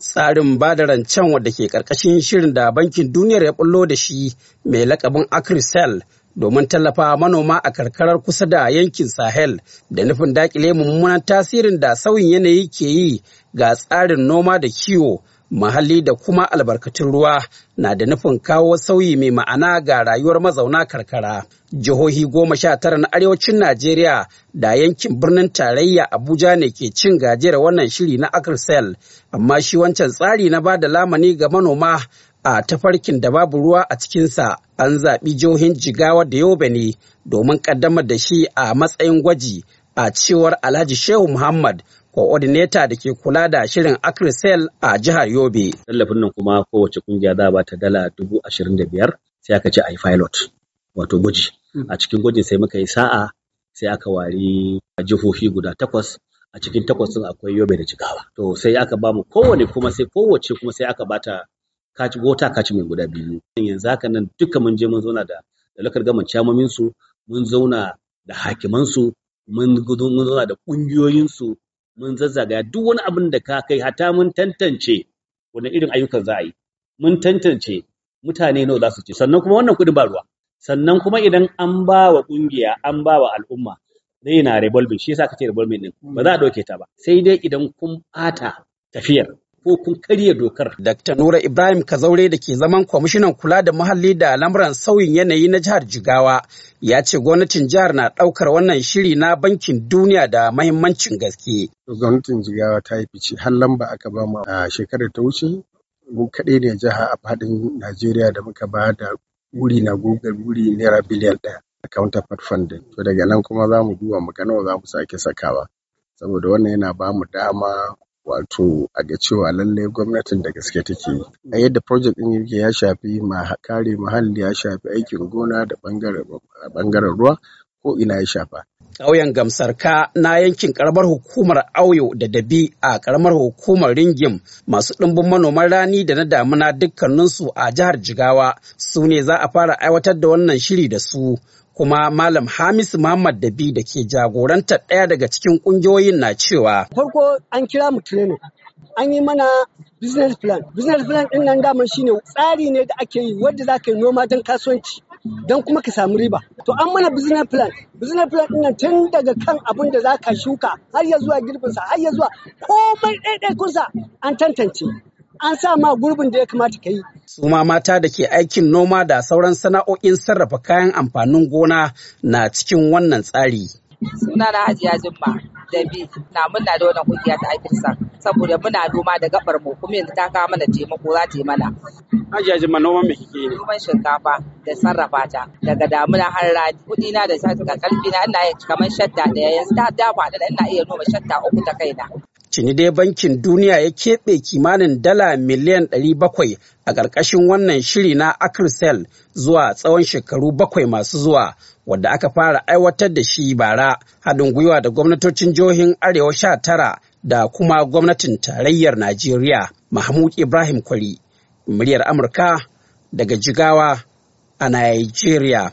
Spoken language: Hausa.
tsarin ba da rancen wadda ke karkashin shirin da bankin duniyar ya bullo da shi mai lakabin acrisel domin tallafa manoma a karkarar kusa da yankin sahel da nufin dakile mummunan tasirin da sauyin yanayi ke yi ga tsarin noma da kiwo muhalli da kuma albarkatun ruwa na da nufin kawo sauyi mai ma'ana ga rayuwar mazauna karkara. Jihohi goma sha tara na arewacin Najeriya da yankin birnin tarayya Abuja ne ke cin gajiyar wannan shiri na Akrsel, amma shi wancan tsari na ba da lamani ga manoma a tafarkin da babu ruwa a cikinsa an zaɓi jihohin jigawa da yobe ne domin ƙaddamar da shi a matsayin gwaji a cewar Alhaji Shehu Muhammad coordinator da ke kula da shirin Acrisel a jihar Yobe. Tallafin nan kuma kowace kungiya za ba ta dala dubu ashirin da biyar sai aka ce a yi pilot wato guji. Hmm. A cikin gwajin sai muka yi sa'a sai aka wari jihohi guda takwas a cikin takwas akwai Yobe da Jigawa. To sai aka ba mu kowane kuma sai kowace kuma sai aka bata kaci wota kaci mai guda biyu. Yanzu haka nan duka mun je mun zauna da dalakar gaman camomin su mun zauna da hakiman su mun zauna da kungiyoyin su mun zazzaga duk wani abin da ka kai hata mun tantance wani irin ayyukan za a yi mun tantance mutane nawa za su ci sannan kuma wannan kudi ba ruwa sannan kuma idan an ba wa ƙungiya an ba wa al'umma zai na revolving shi yasa kace revolving din ba za a ɗauke ta ba sai dai idan kun bata tafiyar ko kun karya dokar. Dr. Nura Ibrahim Kazaure da ke zaman kwamishinan kula da muhalli da lamuran sauyin yanayi na jihar Jigawa ya ce gwamnatin jihar na ɗaukar wannan shiri na bankin duniya da mahimmancin gaske. Gwamnatin Jigawa ta yi fice har lamba aka ba mu a shekarar ta wuce mu kaɗai ne jiha a faɗin Najeriya da muka ba da wuri na Google wuri naira biliyan ɗaya. counterpart funding to daga nan kuma za mu duba mu nawa za mu sake sakawa saboda wannan yana ba mu dama wato a ga cewa lallai gwamnatin da gaske take yi. Yadda project din yake ya shafi kare muhalli, ya shafi aikin gona da ɓangaren ruwa ko ina ya shafa. Ƙauyen Gamsarka na yankin ƙaramar hukumar Auyo da Dabi a karamar hukumar Ringim masu ɗimbin manoman rani da na damuna dukkaninsu a jihar Jigawa su ne za a fara aiwatar da wannan shiri da su kuma Malam Hamis Muhammad Dabi da ke jagoranta ɗaya daga cikin ƙungiyoyin na cewa. Farko an kira mu training, an yi mana business plan. Business plan ɗin nan daman ne, tsari ne da ake yi wadda za ka yi noma don kasuwanci. don kuma ka samu riba. To an mana business plan, business plan ɗin nan tun daga kan abin da za ka shuka har ya zuwa girbinsa har ya zuwa komai ɗaiɗaikunsa an tantance. an sa ma gurbin da ya kamata ka yi. Su mata da ke aikin noma da sauran sana'o'in sarrafa kayan amfanin gona na cikin wannan tsari. Suna na Hajiya jimma da bi na muna da wannan kungiya ta aikin sa saboda muna noma da gabar mu kuma yanzu ta kawo mana taimako za ta yi mana. Hajiya jimma noma mai kike ne? Noman shinkafa da sarrafa ta daga damuna har rani kuɗi na da sa ta karfi na ina yin kamar shadda ɗaya yanzu ta dafa da ina iya noma shadda uku ta kaina. Cini dai bankin duniya ya keɓe kimanin dala miliyan 700 a ƙarƙashin wannan shiri na Acrisel zuwa tsawon shekaru bakwai masu zuwa wadda aka fara aiwatar da shi bara haɗin gwiwa da gwamnatocin jihohin Arewa sha tara da kuma gwamnatin tarayyar Najeriya Mahmud Ibrahim Kwari, muryar Amurka daga Jigawa a Najeriya.